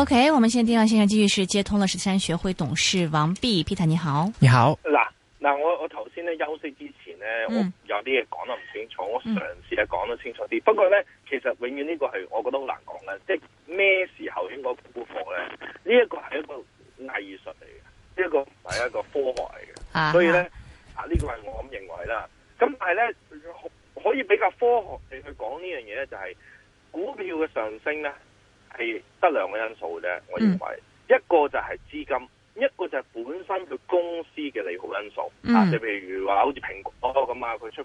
OK，我們現在電話線上繼續是接通了十三學會董事王弼皮特，Peter, 你好，你好。嗱嗱，我我頭先咧休息之前咧，嗯、我有啲嘢講得唔清楚，我嘗試咧講得清楚啲、嗯。不過咧，其實永遠呢個係我覺得好難講嘅，即係咩時候應該沽貨咧？呢一個係一個藝術嚟嘅，呢一個唔係一個科學嚟嘅、啊，所以咧。啊因素咧，我認為一個就係資金，一個就係本身佢公司嘅利好因素啊，即係譬如話好似蘋果咁啊，佢出。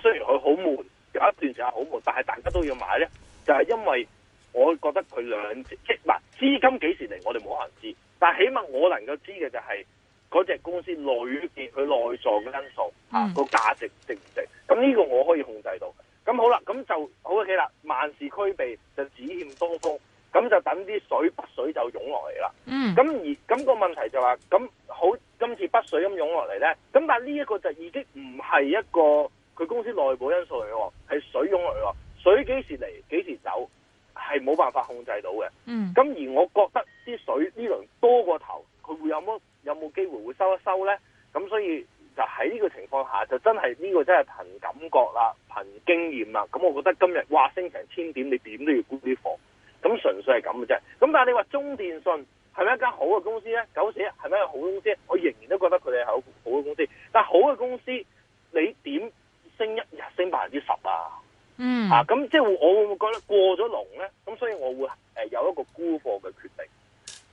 雖然佢好悶，有一段時間好悶，但係大家都要買呢，就係因為我覺得佢兩隻積物，資金幾時嚟，我哋冇可能知，但係起碼我能夠知嘅就係嗰隻公司裏邊佢內在嘅因素啊，個價值值唔值，咁呢個我可以控制到。咁好啦，咁就好 OK 啦，萬事俱備就只欠東風，咁就等啲水北水就湧落嚟啦。嗯，咁而咁個問題就話咁好，今次北水咁湧落嚟呢。咁但係呢一個就已經唔係一個。佢公司內部因素嚟喎，係水湧嚟喎，水幾時嚟幾時走係冇辦法控制到嘅。嗯，咁而我覺得啲水呢輪多過頭，佢會有冇有冇機會會收一收咧？咁所以就喺呢個情況下，就真係呢個真係憑感覺啦，憑經驗啦。咁我覺得今日哇，升成千點，你點都要沽啲貨。咁純粹係咁嘅啫。咁但係你話中電信係咪一間好嘅公司咧？九四一係咪一間好公司？我仍然都覺得佢哋係好好嘅公司。但係好嘅公司，你點？升一日升百分之十啊，嗯，啊咁即係我我會覺得過咗龍咧，咁所以我會誒、呃、有一個沽貨嘅決定。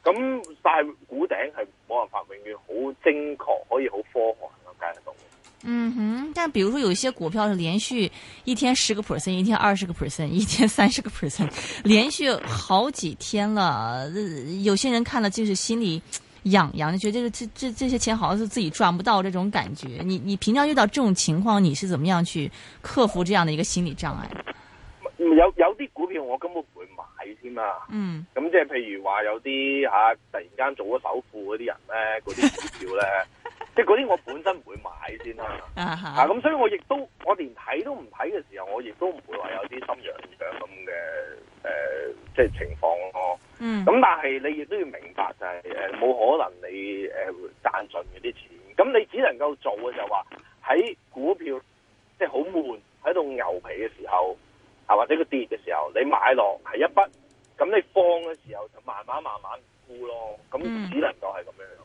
咁但係股頂係冇辦法永遠好精確，可以好科學咁解得到。嗯哼，但係比如說有一些股票係連續一天十個 percent，一天二十個 percent，一天三十個 percent，連續好幾天啦， 有些人看了就是心裡。癢癢，覺得這這這這些錢好像是自己賺不到這種感覺。你你平常遇到這種情況，你是怎麼樣去克服這樣的一個心理障礙？有有啲股票我根本唔會買添啊。嗯。咁即係譬如話有啲吓，啊、突然間做咗首富嗰啲人咧，嗰啲股票咧， 即係嗰啲我本身唔會買先啦，啊。啊咁，啊所以我亦都我連睇都唔睇嘅時候，我亦都唔會話有啲心癢癢咁嘅，誒，即係情況咯。咁、嗯、但係你亦都要明白就係誒冇可能你誒會賺盡嗰啲錢，咁你只能夠做嘅就話喺股票即係好悶喺度牛皮嘅時候，啊或者佢跌嘅時候，你買落係一筆，咁你放嘅時候就慢慢慢慢沽咯，咁只能夠係咁樣樣。嗯。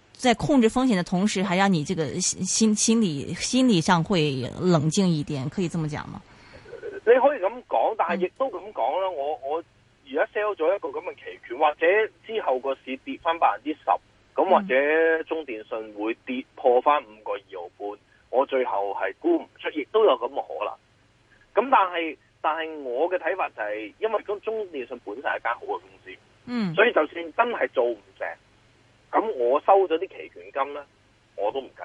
在控制風險的同時，還讓你這個心心理心理上會冷靜一點，可以這麼講嗎？你可以咁講，但係亦都咁講啦。我我而家 sell 咗一個咁嘅期權，或者之後個市跌翻百分之十，咁或者中電信會跌破翻五個二毫半，我最後係沽唔出，亦都有咁嘅可能。咁但係但係我嘅睇法就係、是，因為中中電信本身係一間好嘅公司，嗯，所以就算真係做唔成。咁我收咗啲期權金呢，我都唔緊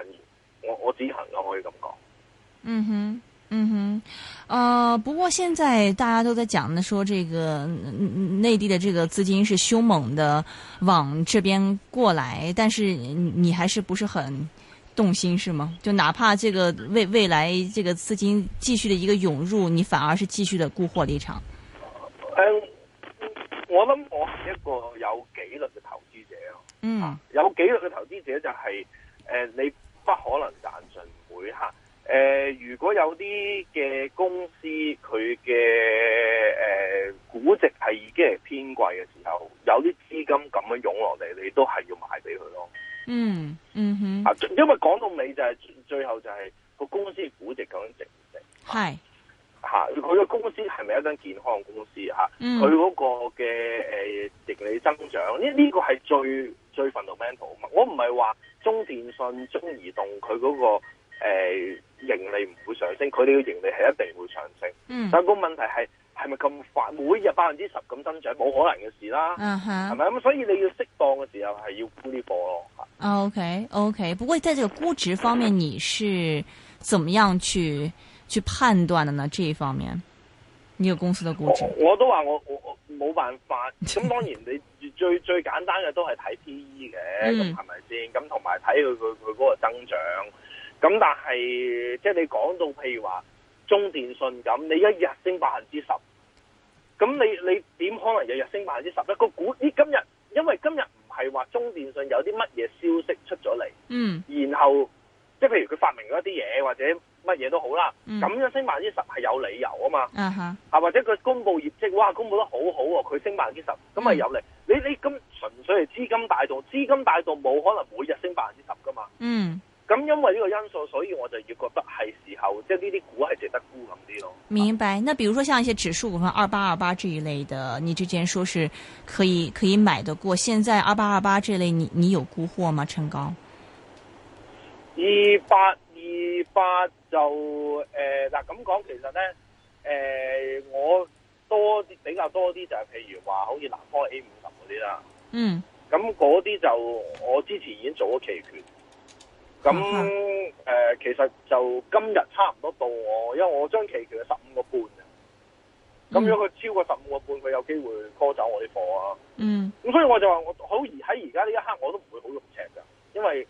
要，我我執行咯，可以咁講。嗯哼，嗯哼，誒、呃，不過現在大家都在講，的說這個內地的這個資金是凶猛的往這邊過來，但是你還是不是很動心，是嗎？就哪怕這個未未來這個資金繼續的一個湧入，你反而是繼續的沽貨離場。誒，我諗我係一個有紀律嘅投資。嗯，有幾個嘅投資者就係、是、誒、呃，你不可能賺盡每客。誒、呃，如果有啲嘅公司佢嘅誒估值係已經係偏貴嘅時候，有啲資金咁樣湧落嚟，你都係要賣俾佢咯。嗯，嗯哼。啊，因為講到尾就係最後就係、是、個、就是、公司嘅估值究竟值唔值？係，吓佢嘅公司係咪一間健康公司？吓、呃，佢嗰個嘅誒盈利增長呢？呢、這個係最。追 fundamental 啊嘛，我唔係話中電信、中移動佢嗰、那個誒、呃、盈利唔會上升，佢哋嘅盈利係一定會上升。嗯，但個問題係係咪咁快每日百分之十咁增長？冇可能嘅事啦。係咪咁？所以你要適當嘅時候係要沽呢波咯。OK，OK，不過在這個估值方面，你是怎麼樣去去判斷的呢？這一方面，你個公司的估值，我，我都話我我我冇辦法。咁當然你。 最最簡單嘅都係睇 PE 嘅，係咪先？咁同埋睇佢佢佢嗰個增長。咁但係，即係你講到譬如話中電信咁，你一日升百分之十，咁你你點可能日日升百分之十一？個股咦，今日，因為今日唔係話中電信有啲乜嘢消息出咗嚟，嗯，然後即係譬如佢發明咗一啲嘢或者。乜嘢都好啦，咁、嗯、樣升百分之十係有理由啊嘛，吓、啊、或者佢公布業績，哇，公布得好好喎、哦，佢升百分之十，咁啊有理，你你咁純粹係資金帶動，資金帶動冇可能每日升百分之十噶嘛，咁、嗯、因為呢個因素，所以我就要覺得係時候，即係呢啲股係值得沽咁啲咯。明白、啊，那比如說像一些指數股份二八二八這一類的，你之前說是可以可以買得過，現在二八二八這類你，你你有沽貨嗎？陳高？嗯、二八二八。就誒嗱咁講，其實咧誒、呃、我多比較多啲就係譬如話好似南方 A 五十嗰啲啦，嗯，咁嗰啲就我之前已經做咗期權，咁誒、嗯呃、其實就今日差唔多到我，因為我將期權十五個半嘅，咁如果佢超過十五個半，佢有機會 call 走我啲貨啊，嗯，咁所以我就話我好而喺而家呢一刻我都唔會好肉赤噶因為。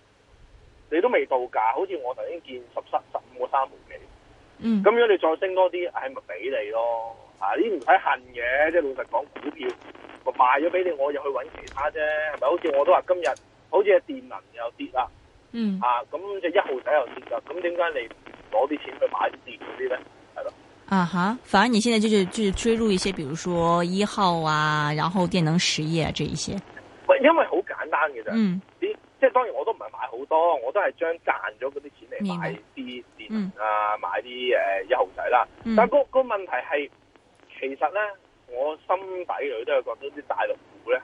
你都未到價，好似我頭先見十三十五個三毫幾，嗯，咁樣你再升多啲，係咪俾你咯，啊呢唔使恨嘅，即係老實講，股票我賣咗俾你，我又去揾其他啫，係咪？好似我都話今日好似係電能又跌啦，嗯，啊，咁就一號仔又跌啦，咁點解你攞啲錢去買啲電嗰啲咧？係咯，啊哈，反而你現在就、就就、追入一些，比如說一號啊，然後電能實業、啊、這一些，喂因為好簡單嘅啫。嗯。當然我都唔係買好多，我都係將賺咗嗰啲錢嚟買啲電能啊，嗯、買啲一,一號仔啦、嗯。但個個問題係，其實咧，我心底裏都係覺得啲大陸股咧、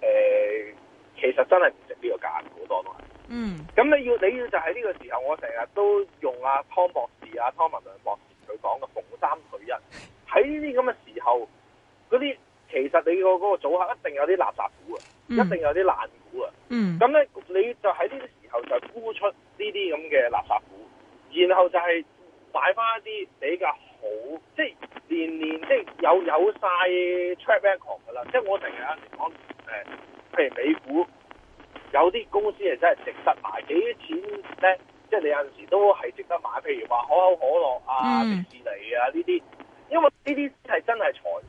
欸，其實真係唔值呢個價好多都係。嗯。咁你要你要就喺呢個時候，我成日都用阿、啊、湯博士啊、湯文亮博士佢講嘅逢三取一，喺呢啲咁嘅時候嗰啲。其實你嗰個組合一定有啲垃圾股啊、嗯，一定有啲爛股啊。咁、嗯、咧你就喺呢啲時候就沽出呢啲咁嘅垃圾股，然後就係買翻一啲比較好，即係年年即係有有晒 track record 㗎啦。即係我成日講誒，譬如美股有啲公司係真係值得買，幾錢咧？即係你有陣時都係值得買，譬如話可口可樂啊、迪士尼啊呢啲，因為呢啲係真係財。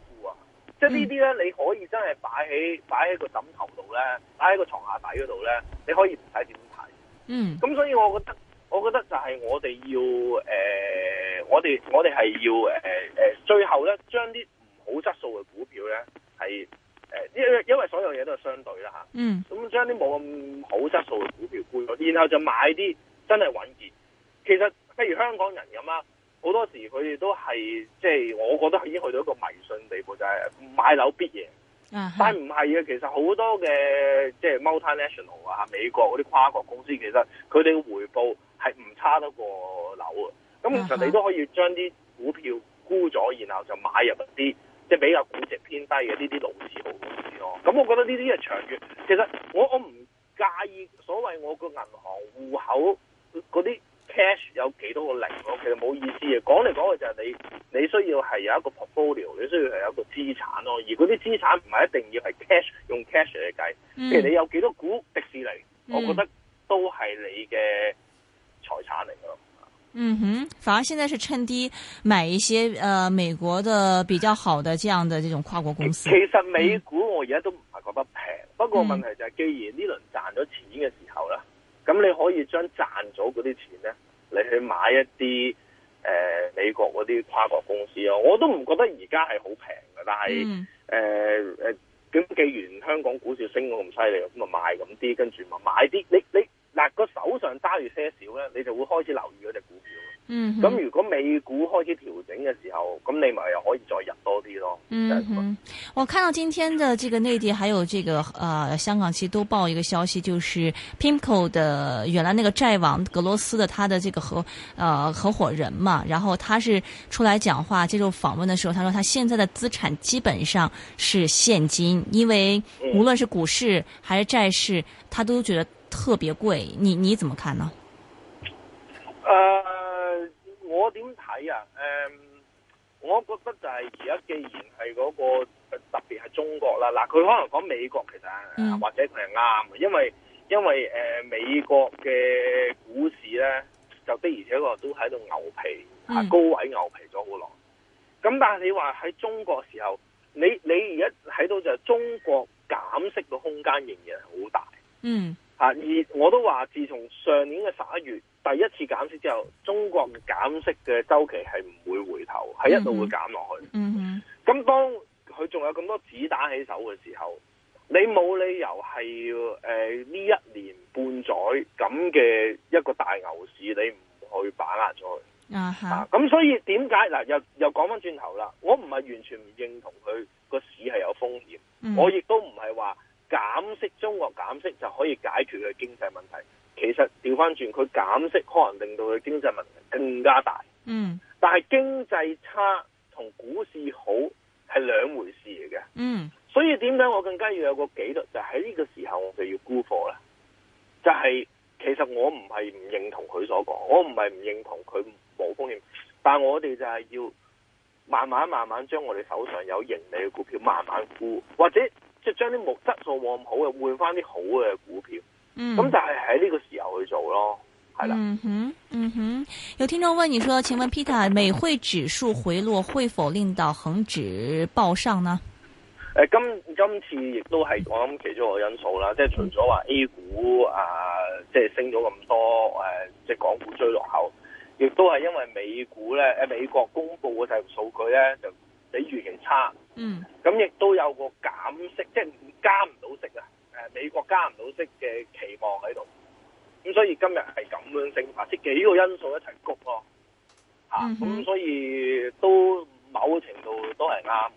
即呢啲咧，你可以真係擺喺擺喺個枕頭度咧，擺喺個床下底嗰度咧，你可以唔使點睇。嗯。咁所以我覺得，我覺得就係我哋要誒、呃，我哋我哋係要誒誒、呃呃，最後咧將啲唔好質素嘅股票咧係誒，因、呃、因為所有嘢都係相對啦吓。嗯。咁將啲冇咁好質素嘅股票沽咗，然後就買啲真係穩健。其實，譬如香港人咁啦，好多時佢哋都係即係，我覺得已經去到一個迷。嚟步就係、是、買樓必贏，uh-huh. 但唔係啊。其實好多嘅即係 multinational 啊，美國嗰啲跨國公司，其實佢哋嘅回報係唔差得過樓啊。咁其實你都可以將啲股票沽咗，然後就買入一啲即係比較估值偏低嘅呢啲老字號公司咯。咁我覺得呢啲係長遠。其實我我唔介意所謂我個銀行戶口嗰啲。cash 有幾多個零咯，其實冇意思嘅。講嚟講去，就係你你需要係有一個 portfolio，你需要係有一個資產咯。而嗰啲資產唔係一定要係 cash，用 cash 嚟計。譬如你有幾多股迪士尼，我覺得都係你嘅財產嚟嘅咯。嗯哼，反而現在是趁低買一些呃美國的比較好的這樣的這種跨國公司。其實美股我而家都唔係覺得平，不過問題就係、是、既然呢輪賺咗錢嘅時候咧。咁你可以將賺咗嗰啲錢咧，你去買一啲誒、呃、美國嗰啲跨國公司啊！我都唔覺得而家係好平嘅，但係誒誒，咁、嗯呃、既然香港股市升咗咁犀利，咁啊賣咁啲，跟住咪買啲。你你嗱個手上揸住些少咧，你就會開始留意嗰隻股票。嗯，咁如果美股開始調整嘅時候，咁你咪可以再入多啲咯。嗯，我看到今天的這個內地還有這個，呃，香港其實都報一個消息，就是 Pimco 的原來那個債王格羅斯的他的這個合，呃，合伙人嘛，然後他是出來講話接受訪問的時候，他說他現在的資產基本上是現金，因為無論是股市還是債市，嗯、他都覺得特別貴。你你怎麼看呢？啊、嗯，我覺得就係而家，既然係嗰、嗰個特別係中國啦，嗱，佢可能講美國其實，嗯、或者佢係啱嘅，因為因為誒美國嘅股市咧，就的而且確都喺度牛皮，啊、嗯、高位牛皮咗好耐。咁但係你話喺中國的時候，你你而家睇到就係中國減息嘅空間仍然係好大，嗯。啊！而我都話，自從上年嘅十一月第一次減息之後，中國減息嘅周期係唔會回頭，係、mm-hmm. 一路會減落去。咁、mm-hmm. 當佢仲有咁多子彈喺手嘅時候，你冇理由係誒呢一年半載咁嘅一個大牛市，你唔去把握咗去。咁、uh-huh. 啊、所以點解嗱？又又講返轉頭啦，我唔係完全唔認同佢個市係有風險，mm-hmm. 我亦都唔係話。減息，中國減息就可以解決佢經濟問題。其實調翻轉，佢減息可能令到佢經濟問題更加大。嗯。但係經濟差同股市好係兩回事嚟嘅。嗯。所以點解我更加要有個紀律，就喺、是、呢個時候我就要沽貨啦。就係、是，其實我唔係唔認同佢所講，我唔係唔認同佢冇風險，但係我哋就係要慢慢慢慢將我哋手上有盈利嘅股票慢慢沽，或者。即係將啲質素冇咁好嘅，換翻啲好嘅股票，嗯，咁但係喺呢個時候去做咯，係啦，嗯哼，嗯哼。有聽眾問你說，請問 Peter，美匯指數回落會否令到恒指暴升呢？誒、呃，今今次亦都係講其中一個因素啦、嗯，即係除咗話 A 股啊，即、就、係、是、升咗咁多，誒、啊，即、就、係、是、港股追落後，亦都係因為美股咧，誒，美國公布嘅就係數據咧就。比預期差，嗯，咁亦都有個減息，即係加唔到息啊！誒，美國加唔到息嘅期望喺度，咁所以今日係咁樣升，嗱，即係幾個因素一齊谷咯、啊，嚇、嗯，咁所以都某程度都係啱，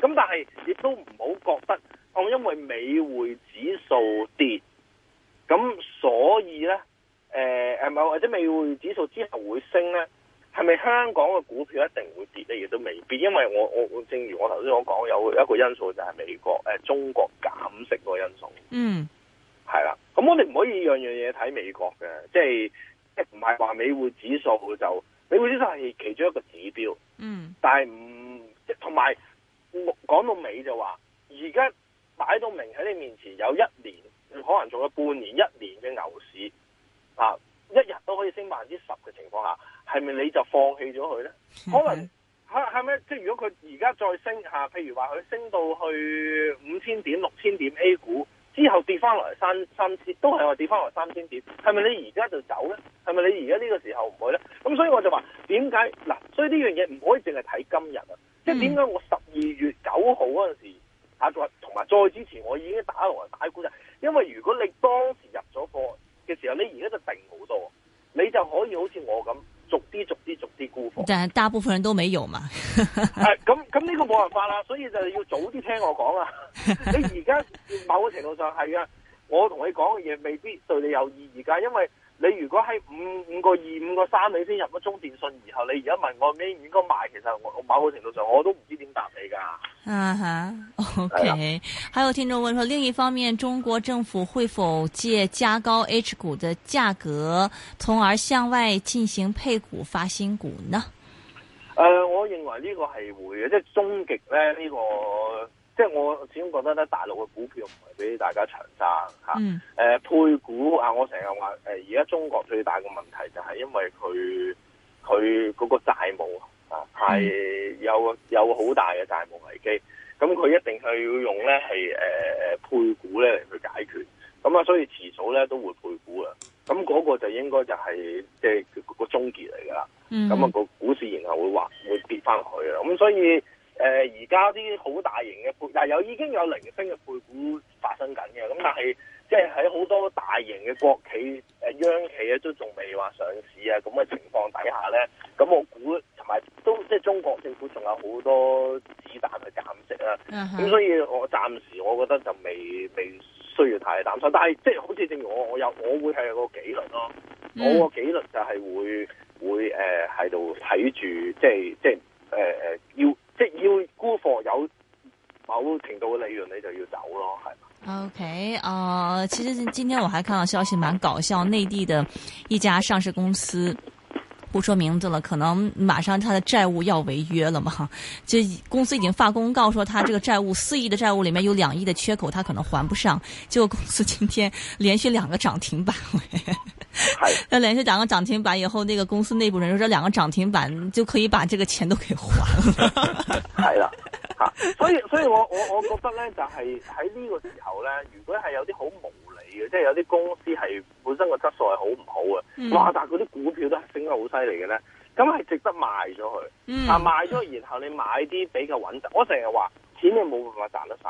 咁但係亦都唔好覺得，我因為美匯指數跌，咁所以咧，誒誒唔係，或者美匯指數之後會升咧？係咪香港嘅股票一定會跌咧？亦都未必，因為我我我，正如我頭先所講，有一個因素就係美國誒、呃，中國減息個因素。嗯。係啦，咁我哋唔可以樣樣嘢睇美國嘅，即係即係唔係話美匯指數就美匯指數係其中一個指標。嗯。但係唔即同埋，講到尾就話，而家擺到明喺你面前，有一年可能仲有半年、一年嘅牛市啊，一日都可以升百分之十嘅情況下。係咪你就放棄咗佢呢？ 可能係，係咪即係如果佢而家再升下，譬如話佢升到去五千點、六千點 A 股之後跌翻落嚟三三千，都係話跌翻落嚟三千點，係咪你而家就走呢？係咪你而家呢個時候唔會呢？咁所以我就話點解嗱？所以呢樣嘢唔可以淨係睇今、就是、日啊！即係點解我十二月九號嗰陣時，啊同埋再之前我已經打落嚟打股嘅？因為如果你當時入咗貨嘅時候，你而家就定好多，你就可以好似我咁。逐啲逐啲逐啲沽，但係大部分人都沒有嘛。咁咁呢個冇辦法啦，所以就要早啲聽我講啦。你而家某個程度上係啊，我同你講嘅嘢，未必對你有意義噶，因為。你如果喺五五個二五個三，你先入咗中電信，然後你而家問我咩應該賣，其實我某個程度上我都唔知點答你噶。Uh-huh. Okay. 啊哈，OK。還有聽眾問說，另一方面，中國政府會否借加高 H 股的價格，從而向外進行配股發新股呢？誒、呃，我認為呢個係會嘅，即係終極咧呢、這個。即係我始終覺得咧，大陸嘅股票唔係俾大家長生。吓。誒，配股啊，我成日話，誒，而家中國最大嘅問題就係因為佢佢嗰個債務啊，係有有好大嘅債務危機。咁、嗯、佢一定係要用咧，係、呃、誒配股咧嚟去解決。咁啊，所以遲早咧都會配股啊。咁嗰個就應該就係即係個終結嚟噶啦。咁、嗯、啊，嗰個股市然後會滑會跌翻落去啊。咁所以。誒、呃，而家啲好大型嘅配，但係又已經有零星嘅配股發生緊嘅，咁但係即係喺好多大型嘅國企誒、呃、央企咧，都仲未話上市啊，咁嘅情況底下咧，咁我估同埋都即係中國政府仲有好多子彈去減息。呀，咁所以我暫時我覺得就未未需要太擔心，但係即係好似正如我我有我會係有個紀律咯、啊，我、嗯。我還看到消息蠻搞笑，內地的一家上市公司，不說名字了，可能馬上他的債務要違約了嘛？就公司已經發公告說，他這個債務四億的債務裏面有兩億的缺口，他可能還不上。結果公司今天連續兩個漲停板，要 連續兩個漲停板以後，那個公司內部人說，這兩個漲停板就可以把這個錢都給還了。係啦、 啊、所以，所以我我我覺得呢，就係喺呢個時候呢，如果係有啲好冇。即係有啲公司係本身個質素係好唔好嘅，哇！但係嗰啲股票都係升得好犀利嘅咧，咁係值得賣咗佢，嗯。啊，賣咗然後你買啲比較穩陣。我成日話錢你冇辦法賺得晒，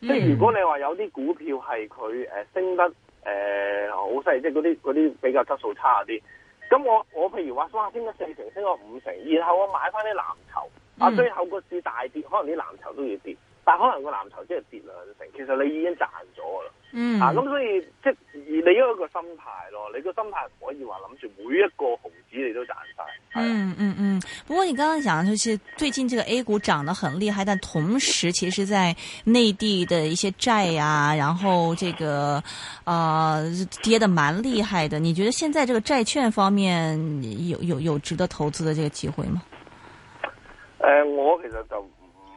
嗯，即係如果你話有啲股票係佢誒升得誒好犀利，即係嗰啲嗰啲比較質素差啲，咁我我譬如話哇，升咗四成，升咗五成，然後我買翻啲藍籌，嗯，啊，最後個市大跌，可能啲藍籌都要跌。但可能個藍籌真係跌兩成，其實你已經賺咗㗎啦。嗯，啊，咁所以即而你一個心態咯，你個心態唔可以話諗住每一個紅字你都賺曬。嗯嗯嗯。不過你剛剛講，就是最近這個 A 股漲得很厲害，但同時其實在內地的一些債啊，然後這個啊、呃、跌得蠻厲害的。你覺得現在這個債券方面有有有值得投資的這個機會嗎？誒、呃，我其實就唔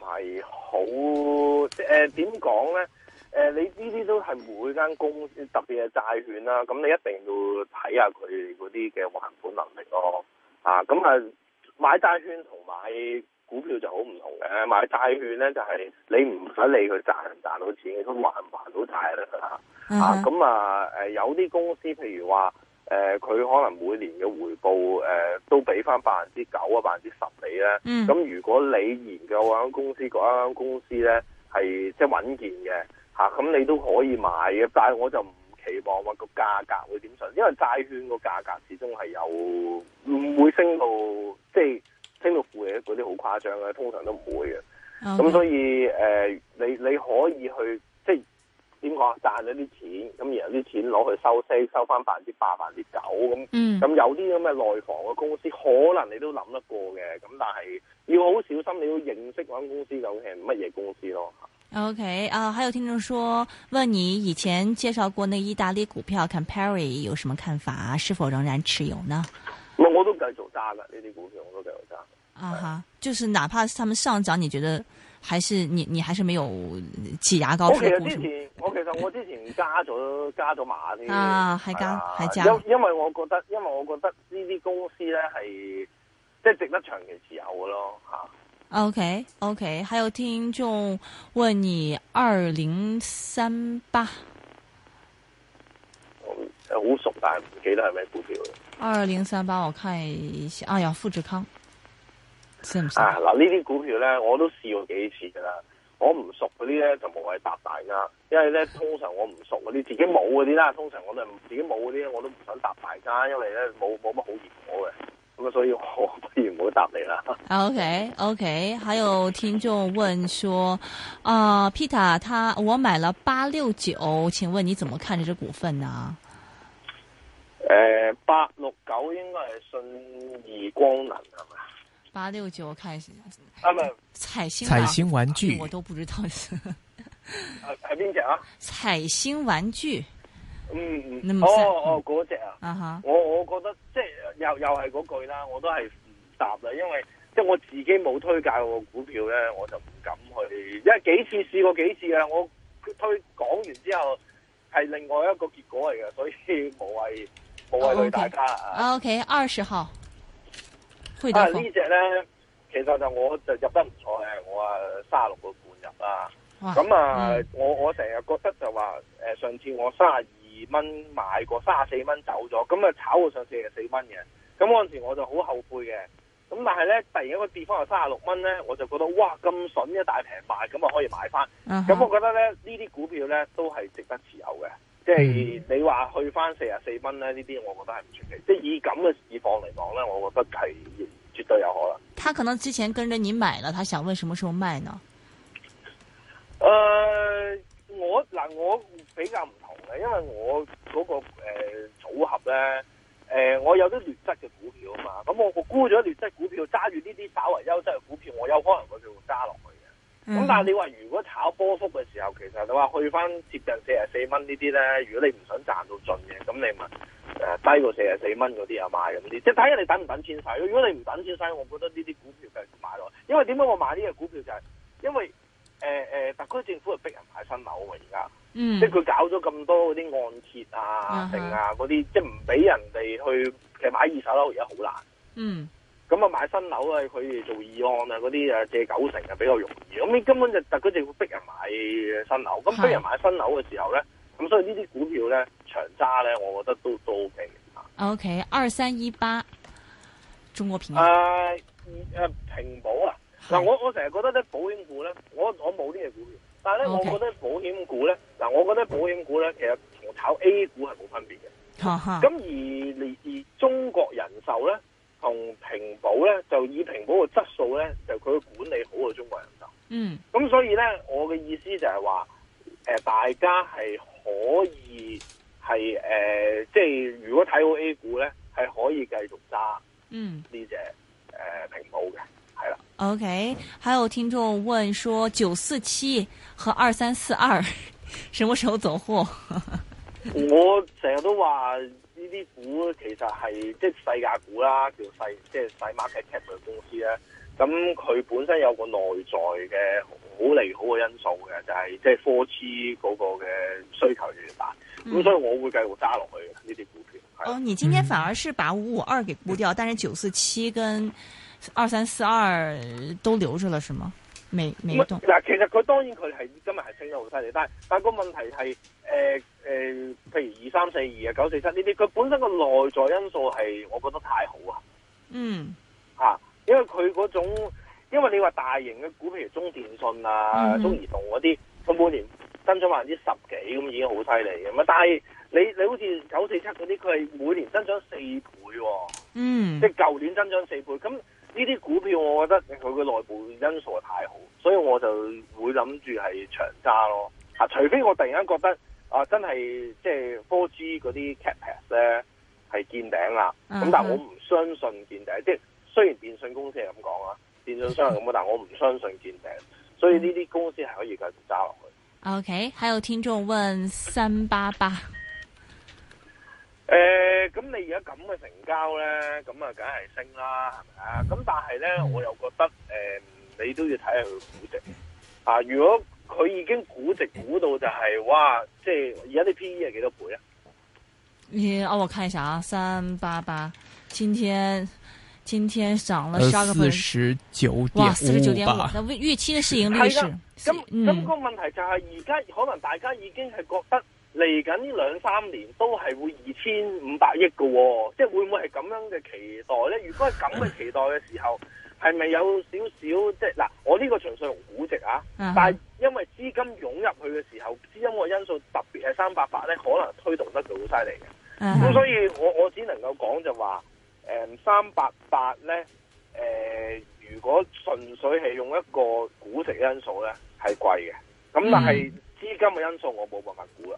係。冇、嗯嗯，誒點講咧？誒，你呢啲都係每間公司，特別係債券啦，咁你一定要睇下佢嗰啲嘅還款能力咯。啊，咁啊，買債券同買股票就好唔同嘅。買債券咧，就係你唔使理佢賺唔賺到錢，佢還唔還到債啦。啊，咁啊，誒，有啲公司譬如話。誒、呃、佢可能每年嘅回報誒、呃、都俾翻百分之九啊，百分之十你咧，咁、嗯、如果你研究間公司，嗰間公司咧係即係穩健嘅嚇、咁、啊、你都可以買嘅。但係我就唔期望話個價格會點上，因為債券個價格始終係有唔會升到、嗯、即係升到負嘅嗰啲好誇張嘅，通常都唔會嘅。咁、嗯、所以誒、呃，你你可以去即係。點講賺咗啲錢，咁然後啲錢攞去收息，收翻百分之八、百分之九咁。咁有啲咁嘅內房嘅公司，可能你都諗得過嘅。咁但係要好小心，你要認識嗰間公司究竟係乜嘢公司咯。OK 啊、呃，還有聽眾說問你以前介紹過呢意大利股票，看 Perry 有什麼看法？是否仍然持有呢？呃、我都繼續揸㗎，呢啲股票我都繼續揸。啊哈，就是哪怕他們上漲，你覺得還是你你還是沒有擠牙膏。我之前加咗加咗碼啲啊，係加係加。因因為我覺得，因為我覺得呢啲公司咧係即係值得長期持有嘅咯，吓，啊。OK OK，還有聽眾問你二零三八，好熟，但係唔記得係咩股票。二零三八，我看一下，啊呀，富士康，什麼啊？嗱，呢啲股票咧，我都試過幾次噶啦。我唔熟嗰啲咧，就冇謂答大家，因為咧，通常我唔熟嗰啲，自己冇嗰啲啦。通常我都係自己冇嗰啲，我都唔想答大家，因為咧冇冇乜好結果嘅。咁啊，所以我不如唔好答你啦。OK，OK，還有聽眾問說，啊、 uh, Peter，他我買了八六九，請問你怎麼看這隻股份呢？誒、呃，八六九應該係信義光能係咪？八六九，我睇下先，他們彩星彩星玩具我都不知道是，啊，邊隻啊，彩星玩具，嗯嗯，哦，嗯，哦哦，嗰隻啊，啊我我覺得即係又又係嗰句啦，我都係唔答啦，因為即係我自己冇推介個股票咧，我就唔敢去，因為幾次試過幾次啊，我推講完之後係另外一個結果嚟嘅，所以冇謂冇謂對大家啊。O K，二十號。啊！呢隻呢，其實就我就入得唔錯嘅，我啊三十六個半入啦。咁啊，啊嗯、我我成日覺得就話，誒上次我三十二蚊買過，三十四蚊走咗，咁啊炒到上四十四蚊嘅。咁嗰陣時我就好後悔嘅。咁但係呢，突然一個地方有三十六蚊呢，我就覺得哇咁筍一大平賣，咁啊可以買翻。咁、嗯、我覺得呢呢啲股票呢，都係值得持有嘅。即係你話去翻四十四蚊咧，呢啲我覺得係唔出奇。即係以咁嘅市況嚟講咧，我覺得係絕對有可能。他可能之前跟着你買了，他想問什麼時候賣呢？誒，我嗱，我比較唔同嘅，因為我嗰個誒組合咧，誒，我有啲劣質嘅股票啊嘛，咁我沽咗劣質股票，揸住呢啲稍為優質嘅股票，我有可能會做揸落去。咁、嗯嗯、但係你話如果炒波幅嘅時候，其實你話去返接近四十四蚊呢啲咧，如果你唔想賺到盡嘅，咁你咪誒低過四十四蚊嗰啲啊買咁啲，即係睇下你等唔等錢使咯。如果你唔等錢使，我覺得呢啲股票繼續買落。因為點解我買呢個股票就係、是、因為誒誒、呃，特區政府係逼人買新樓啊，而、嗯、家，即係佢搞咗咁多嗰啲按揭啊、定啊嗰啲，即係唔俾人哋去其實買二手樓而家好難。嗯。咁啊，買新樓啊，佢哋做議案啊，嗰啲啊借九成啊比較容易。咁你根本就，特佢哋會逼人買新樓，咁逼人買新樓嘅時候咧，咁、嗯、所以呢啲股票咧，長揸咧，我覺得都都 OK 嘅、啊。OK，二三一八，中國平安。誒、呃、誒，平保啊！嗱，我我成日覺得咧，保險股咧，我我冇呢隻股票，但係咧、okay，我覺得保險股咧，嗱，我覺得保險股咧，其實同炒 A 股係冇分別嘅。咁 而而中國人壽咧？同平保咧，就以平保個質素咧，就佢管理好啊，中國人壽。嗯，咁所以咧，我嘅意思就係話，誒、呃，大家係可以係誒、呃，即係如果睇好 A 股咧，係可以繼續揸、這個。嗯，呢隻誒平保嘅，係啦。OK，還有聽眾問說，九四七和二三四二什麼時候走貨？ 我成日都話。呢啲股其實係即係世界股啦，叫細即係細 market cap 嘅公司咧。咁佢本身有個內在嘅好利好嘅因素嘅，就係即係科資嗰個嘅需求越大。咁、嗯、所以我會繼續加落去呢啲股票。哦，你今天反而是把五五二給沽掉，嗯，但是九四七跟二三四二都留着了，是嗎？未沒嗱，其實佢當然佢係今日係升得好犀利，但係但係個問題係誒。呃誒、呃，譬如二三四二啊，九四七呢啲，佢本身個內在因素係，我覺得太好、mm. 啊。嗯。吓，因為佢嗰種，因為你話大型嘅股，譬如中電信啊、mm-hmm. 中移動嗰啲，佢每年增長百分之十幾，咁已經好犀利咁啊。但係你你好似九四七嗰啲，佢係每年增長四倍、啊，嗯、mm.，即係舊年增長四倍，咁呢啲股票，我覺得佢嘅內部因素係太好，所以我就會諗住係長揸咯。吓、啊，除非我突然間覺得。啊！真係即係科技嗰啲 capex 咧係見頂啦，咁、uh-huh. 但係我唔相信見頂，即係雖然電信公司係咁講啊，電信商係咁啊，但係我唔相信見頂，所以呢啲公司係可以繼續揸落去。OK，還有聽眾問三八八，誒、呃，咁你而家咁嘅成交咧，咁啊梗係升啦，係咪啊？咁但係咧，我又覺得誒、呃，你都要睇下佢估值啊，如果。佢已經估值估到就係、是、哇，即係而家啲 P E 係幾多倍啊？你、嗯、哦，我看一下啊，三八八，今天今天漲了十二個百分，四十九點五八，預期嘅市盈率是咁，咁個問題就係，而家可能大家已經係覺得。嚟緊呢兩三年都係會二千五百億嘅、哦，即係會唔會係咁樣嘅期待呢？如果係咁嘅期待嘅時候，係咪有少少即係嗱？我呢個純粹用估值啊，嗯、但係因為資金湧入去嘅時候，資金個因素特別係三百八呢，可能推動得就好犀利嘅。咁、嗯、所以我我只能夠講就話、呃，三百八呢、呃，如果純粹係用一個估值因素呢，係貴嘅，咁但係資金嘅因素我冇辦法估啦。